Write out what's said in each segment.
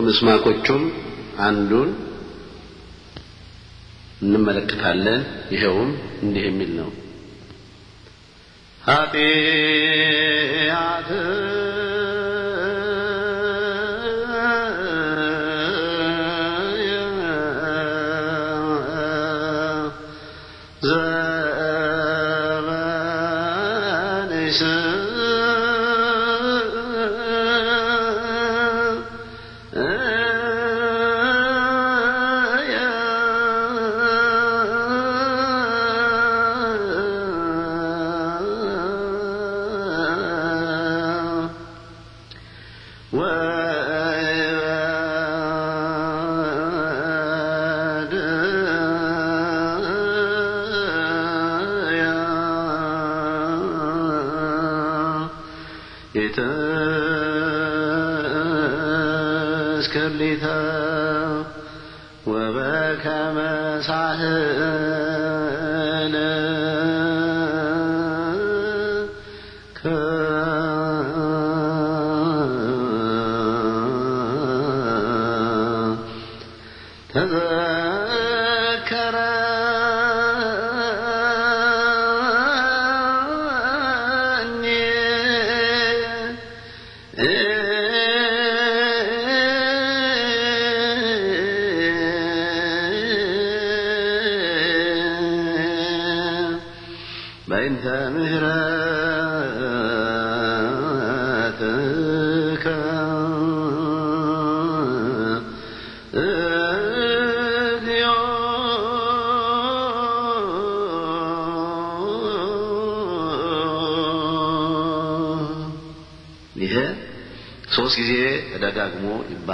ከምስማቆቹም አንዱን እንመለከታለን። ይኸውም እንዲህ የሚል ነው ኃጢአት وبكم صاحب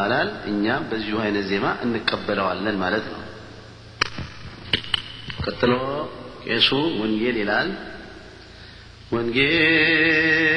ይባላል። እኛም በዚሁ አይነት ዜማ እንቀበለዋለን ማለት ነው። ቀጥሎ ቄሱ ወንጌል ይላል። ወንጌል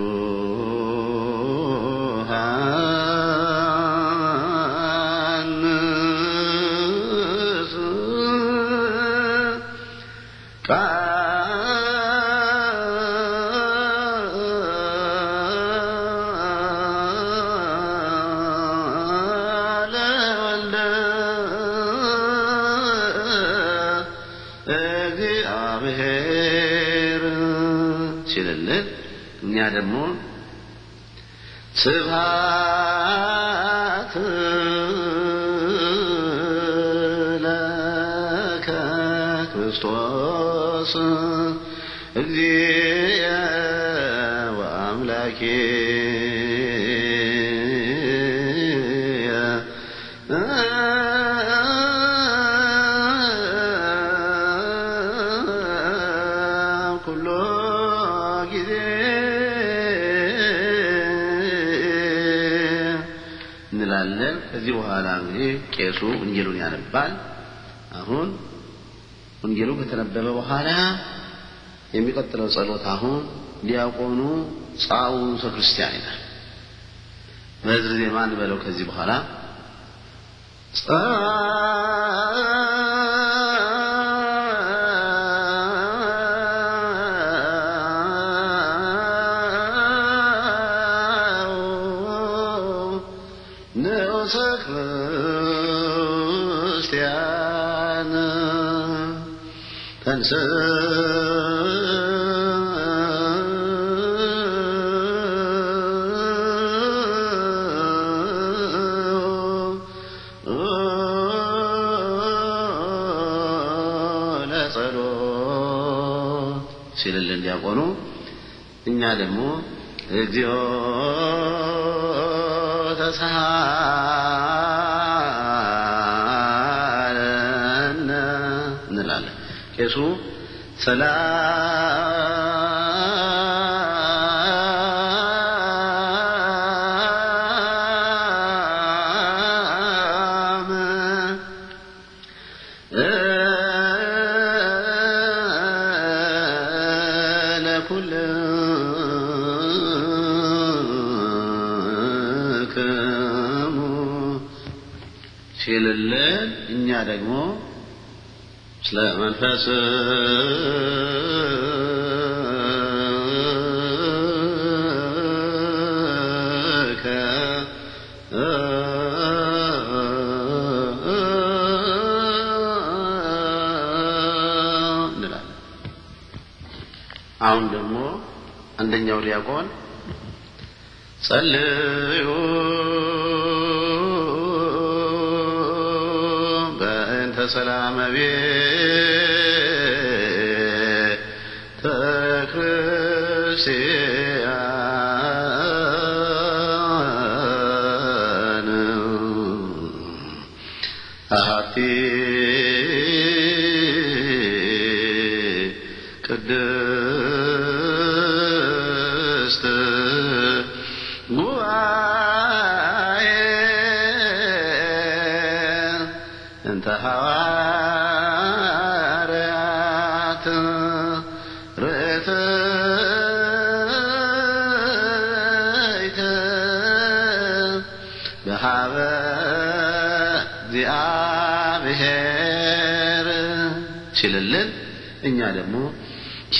you ደግሞ ስብሐት ለከ ክርስቶስ እግዚእ ከዚህ በኋላ እንግዲህ ቄሱ ወንጌሉን ያነባል። አሁን ወንጌሉ ከተነበበ በኋላ የሚቀጥለው ጸሎት አሁን ዲያቆኑ ጻውንተ ሰክርስቲያን ይላል። በሕዝብ ዜማ እንበለው ከዚህ በኋላ ሲልልን ዲያቆኑ እኛ ደግሞ እግዚኦ سلام نفسك አሁን ደግሞ አንደኛው ዲያቆን ጸልይ Hate. ስለለን እኛ ደግሞ ኪራላይሶ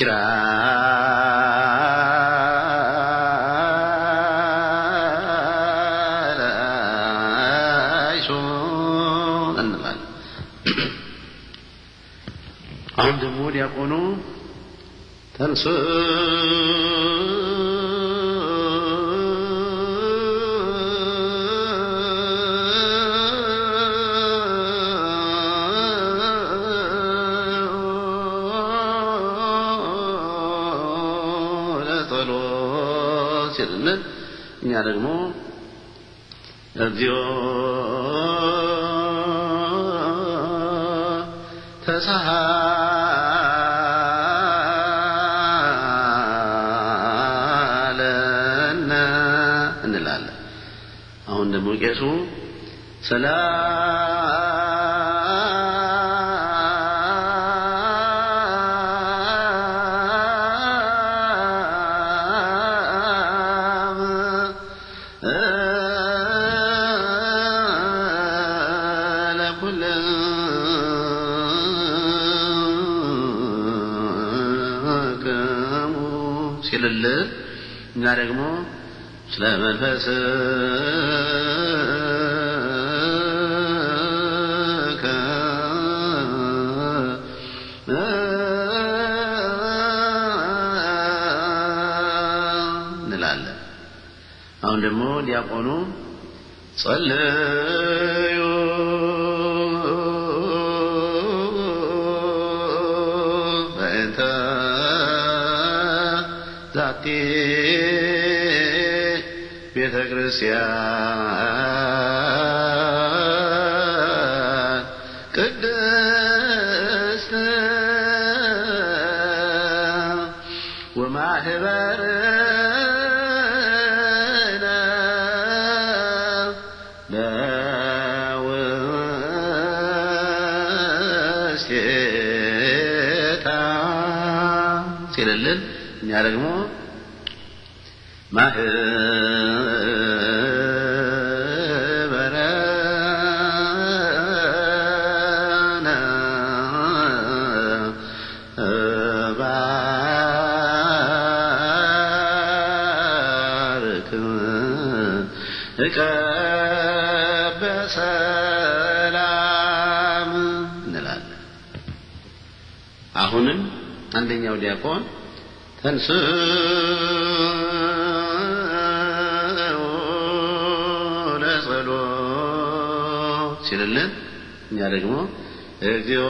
እንላለን። አሁን ደግሞ ዲያቆኑ ተንስ ስንል እኛ ደግሞ እግዚኦ ተሳሃለነ እንላለን። አሁን ደግሞ ቄሱ ሰላም ስለ እንላለን። አሁን ደግሞ ዲያቆኑ ጸለዩ በእንተ ዛቲ يا በሰላም እንላለን። አሁንም አንደኛው ዲያቆን ተንስ ለጸሎት ሲልልን እኛ ደግሞ እግዚኦ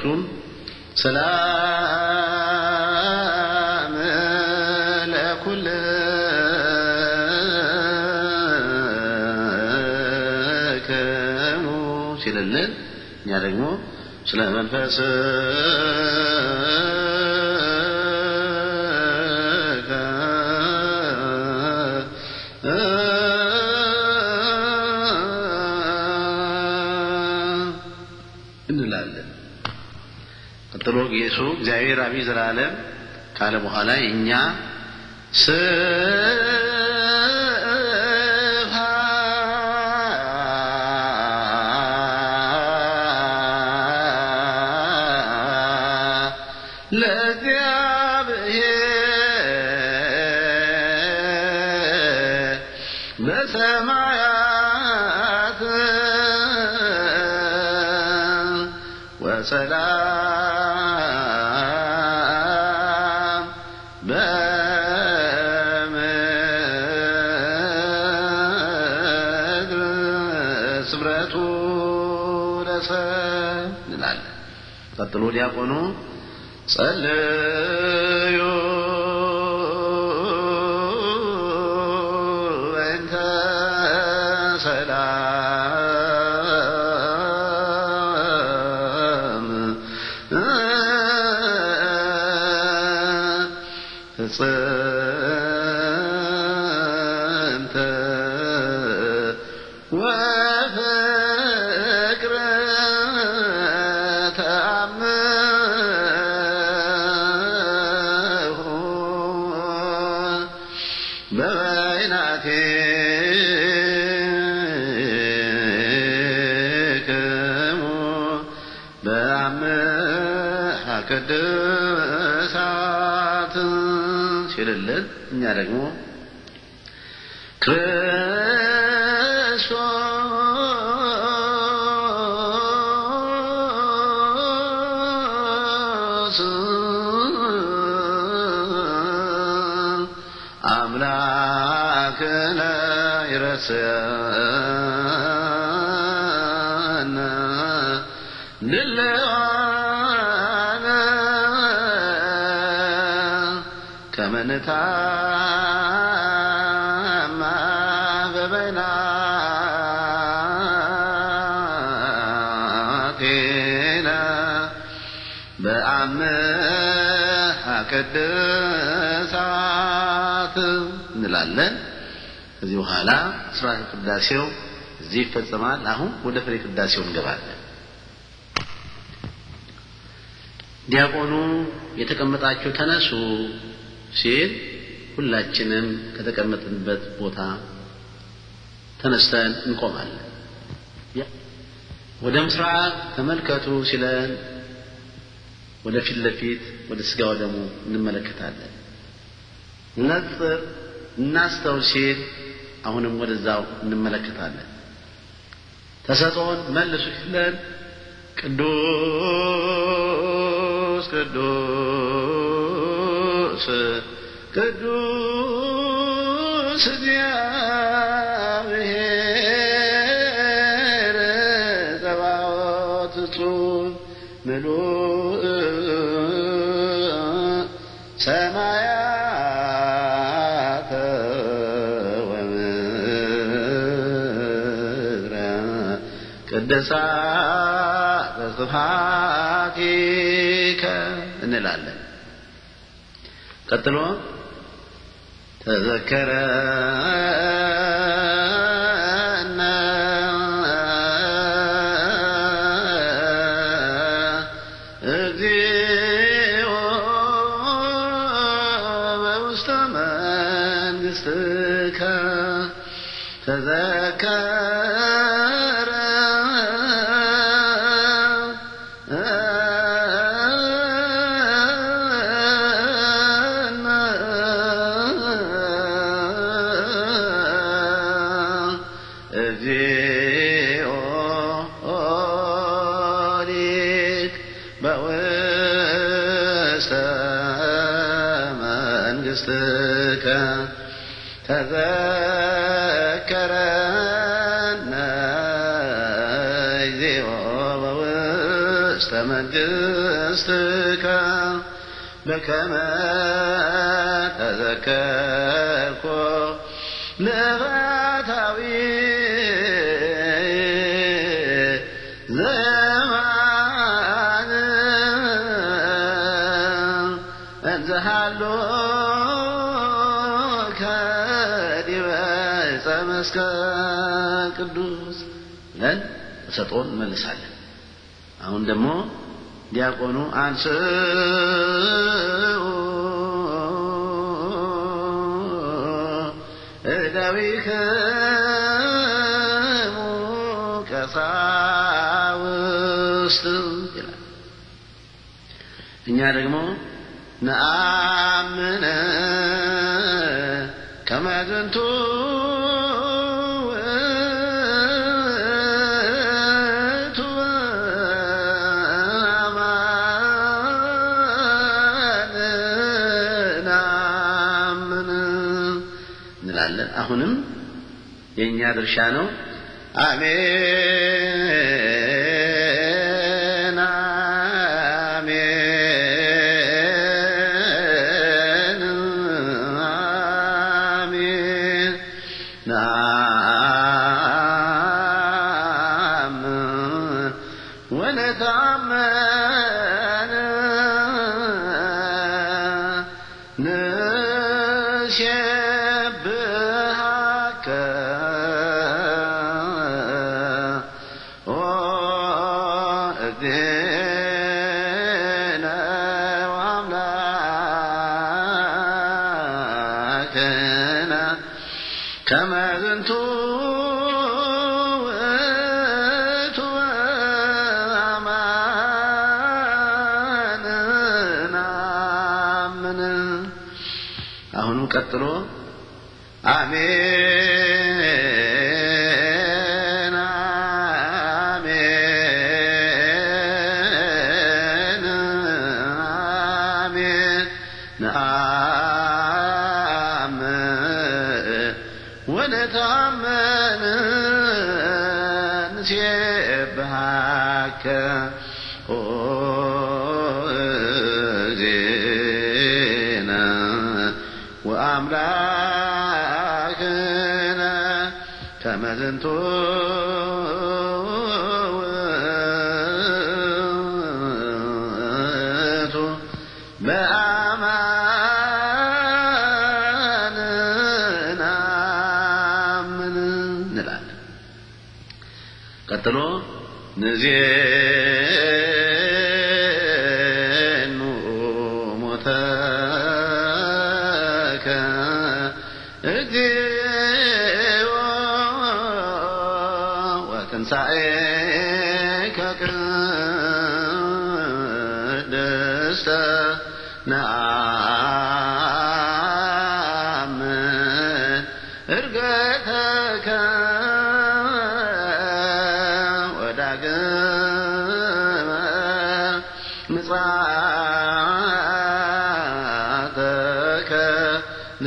እርሱም ሰላም ለኩል ከሙ ሲልልን እኛ ደግሞ ስለ መንፈስ ቀጥሎ ጌሱ እግዚአብሔር አብ ዘላለም ካለ በኋላ እኛ ስ يقول يا قنوط صلوا أنت سلام ደግሞ ክርስቶስ አምላክነ ይረስየነ ከመንታ አምሃ ቅድሳት እንላለን። ከዚህ በኋላ ስርዓተ ቅዳሴው እዚህ ይፈጸማል። አሁን ወደ ፍሬ ቅዳሴው እንገባለን። ዲያቆኑ የተቀመጣችሁ ተነሱ ሲል ሁላችንም ከተቀመጥንበት ቦታ ተነስተን እንቆማለን። ወደ ምስራቅ ተመልከቱ ሲለን ወደ ፊት ለፊት ወደ ስጋው ደግሞ እንመለከታለን። ነጥር እናስተው ሲል አሁንም ወደዛው እንመለከታለን። ተሰጦን መልሱ ይለን ቅዱስ ቅዱስ ቅዱስ ቅድሳ ስብሐቲከ እንላለን። ቀጥሎ ተዘከረ ووسط مجلسك بك ما تذكرك لغتوي زمان انزحلوك دبيس مسكن ተሰጥኦን እንመልሳለን። አሁን ደግሞ ዲያቆኑ አንስኡ እደዊክሙ ይላል። እኛ ደግሞ ነአምነ ከመ እንላለን። አሁንም የእኛ ድርሻ ነው። አሜን ንዜኑ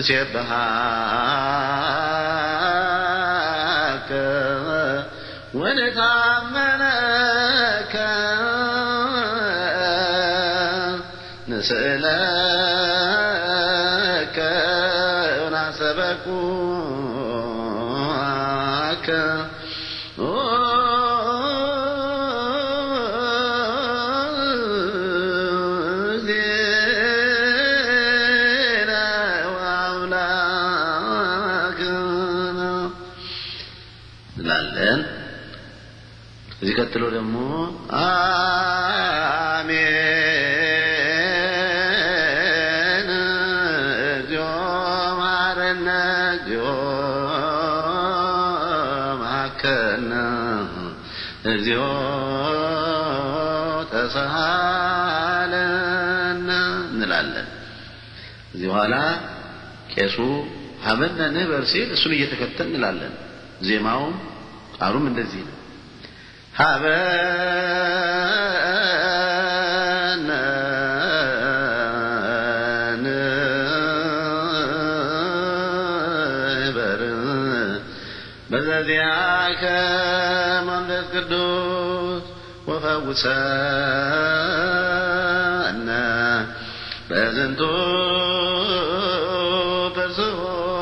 جبهاك ونتعمناك نسألك ونحسبكوك ነጆ ማከነ እግዚኦ ተሳሃለነ እንላለን። እዚህ በኋላ ቄሱ ሀበነ ንህበር ሲል እሱን እየተከተል እንላለን። ዜማውም ቃሉም እንደዚህ ነው። وسانا በዝንቱ በዙራ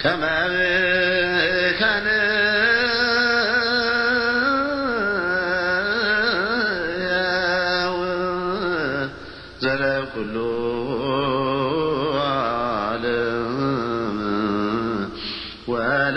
ከመብከን ዘረብ ኩሉ ዓለም ወላ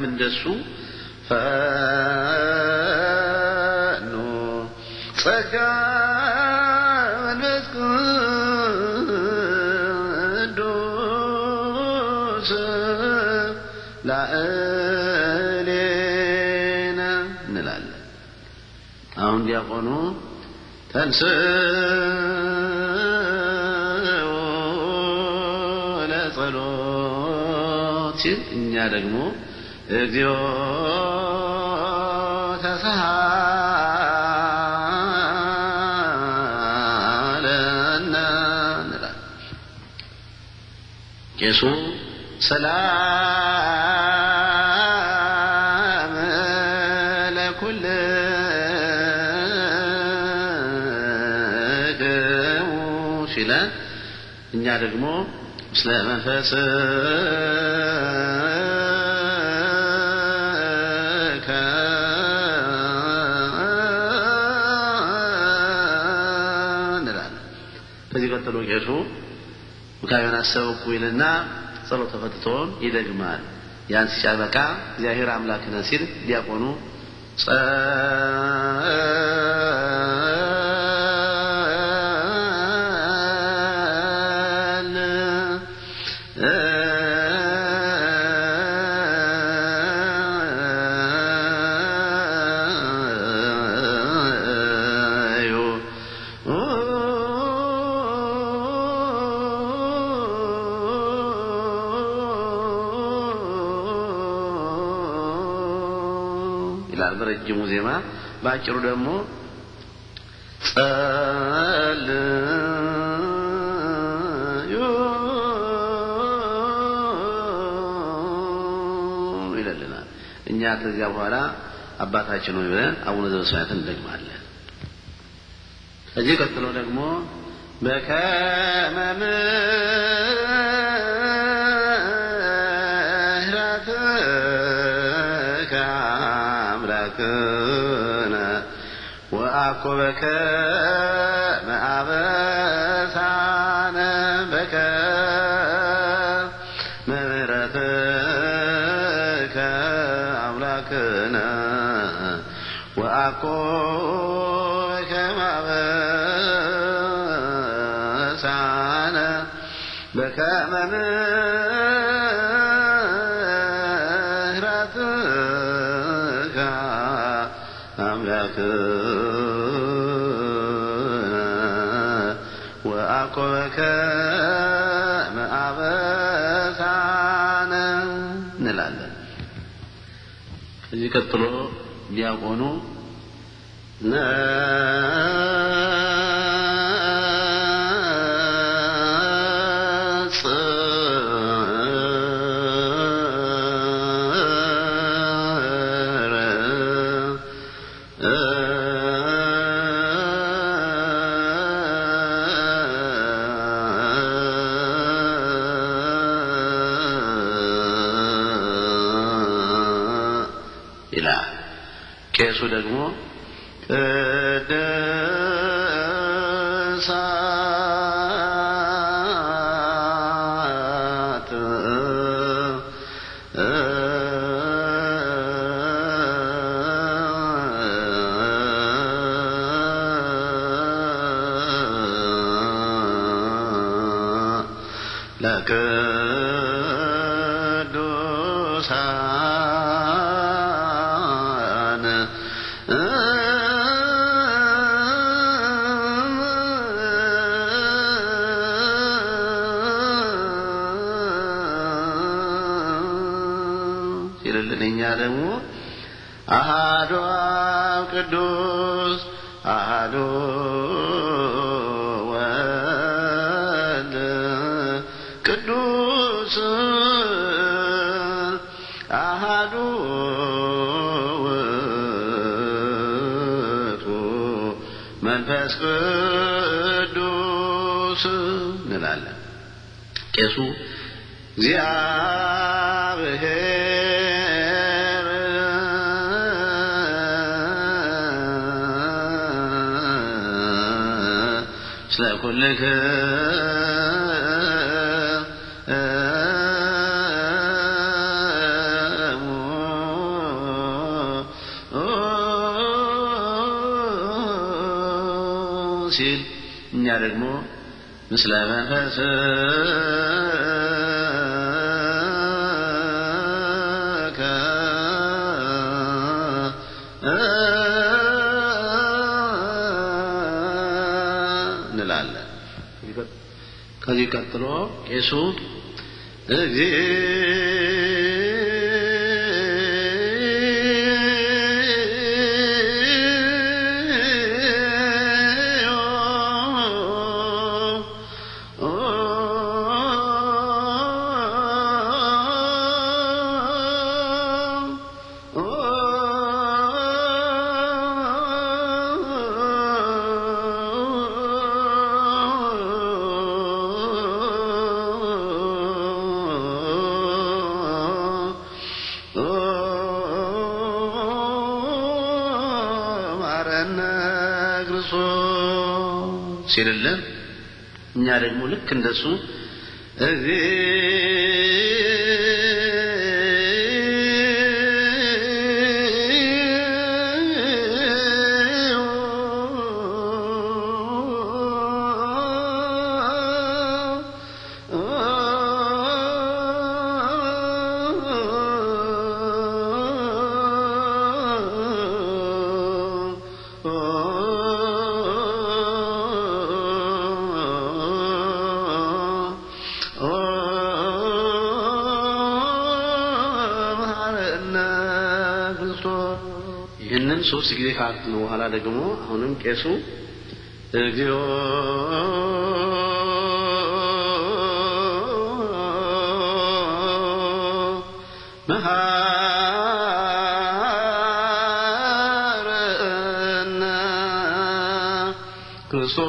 እኛም እንደሱ ፈኖ ጸጋ እንላለን። አሁን ዲያቆኑ ተንስኡ ለጸሎት ሲል እኛ ደግሞ እግዚኦ ተሳሃለነ እንላለን። ቄሱ ሰላም ለኩል ሲለን እኛ ደግሞ ስለ መንፈስ ሄዱ ምካቢያን ኩይልና ይልና ጸሎት ይደግማል። ያን ሲጨበቃ እግዚአብሔር አምላክነ ሲል ዲያቆኑ በረጅሙ ዜማ፣ በአጭሩ ደግሞ ጸል ይለልናል። እኛ ከዚያ በኋላ አባታችን ሆይ ብለን አቡነ ዘበሰማያትን እንደግማለን። እዚህ ቀጥሎ ደግሞ በከመምን عقبك ما عبثان بك مرتك أملاكنا وعقبك ما عبثان بك من ቢቀጥሎ ቢያቆኑ Good. እግዚአብሔር ስለ ሲል እኛ ደግሞ ምስለ መንፈስ سو ሲልልን እኛ ደግሞ ልክ እንደሱ ካልን በኋላ ደግሞ አሁንም ቄሱ እግዚኦ መሐረነ ክርስቶስ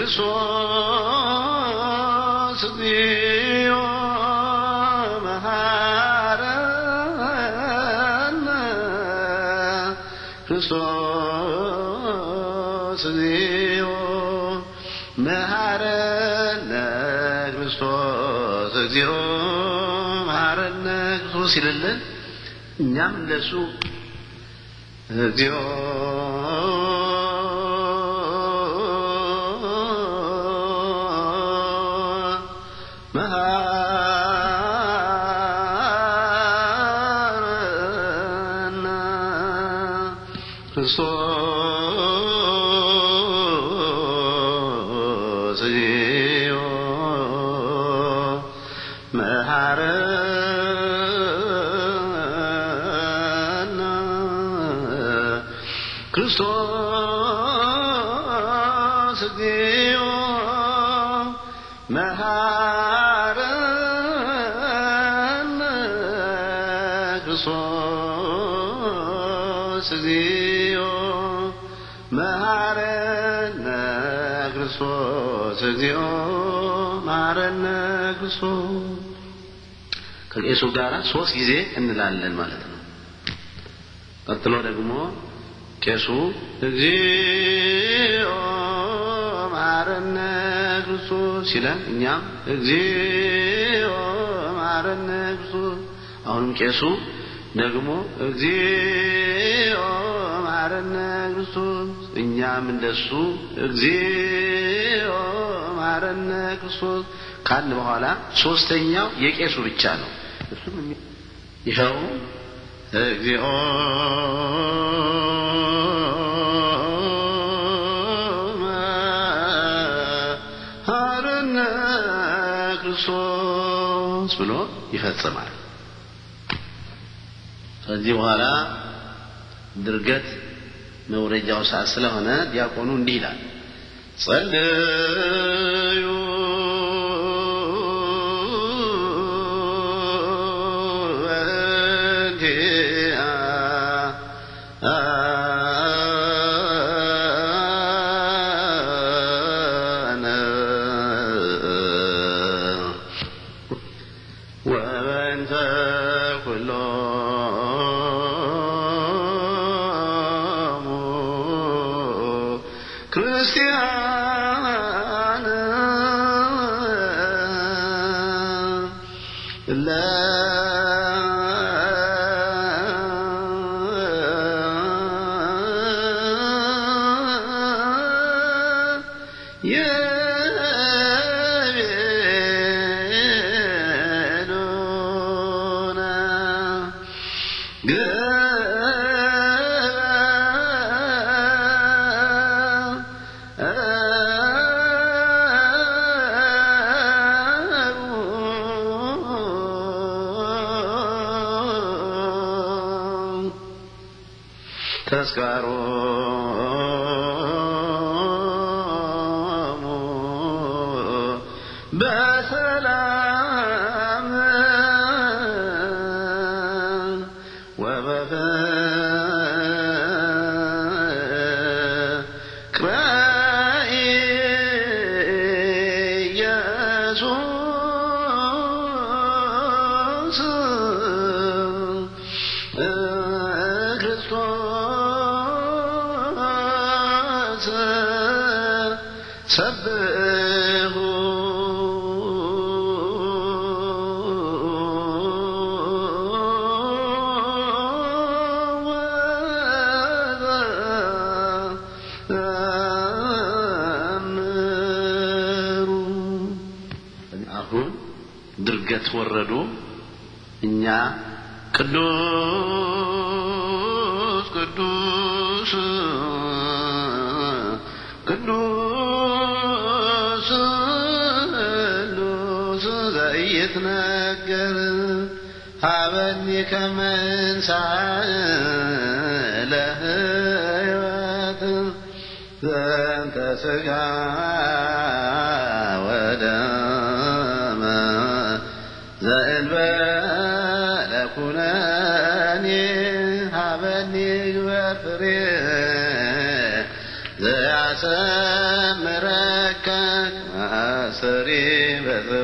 ክርስቶስ ዲዮ መሐረነ ክርስቶስ ዲዮ መሐረነ ክርስቶስ እግዚኦ መሐረነ ክርስቶስ ይልልን እኛም ለሱ መሐረና ክርስቶስ እግዚኦ መሐረነ ክርስቶስ እግዚኦ መሐረነ ክርስቶስ እግዚኦ መሐረነ ክርስቶስ ከርኤሱ ጋር ሶስት ጊዜ እንላለን ማለት ነው። ቀጥሎ ደግሞ ቄሱ እግዚኦ ማረነ ክርስቶስ ሲለን እኛም እግዚኦ ማረነ ክርስቶስ አሁንም ቄሱ ደግሞ እግዚኦ ማረነ ክርስቶስ እኛም እንደሱ እግዚኦ ማረነ ክርስቶስ ካል በኋላ ሶስተኛው የቄሱ ብቻ ነው። እሱም ይኸው እግዚኦ መሐረነ ክርስቶስ ብሎ ይፈጽማል። ከዚህ በኋላ ድርገት መውረጃው ሰዓት ስለሆነ ዲያቆኑ እንዲህ ይላል ጸልዩ Yeah. ቅዱስ ቅዱስ ቅዱስ ቅዱስ ዘኢትነገር ሀበኒ ከመንሳእ ለህይወት ዘንተ ሥጋ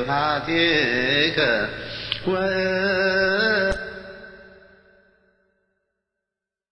他的根。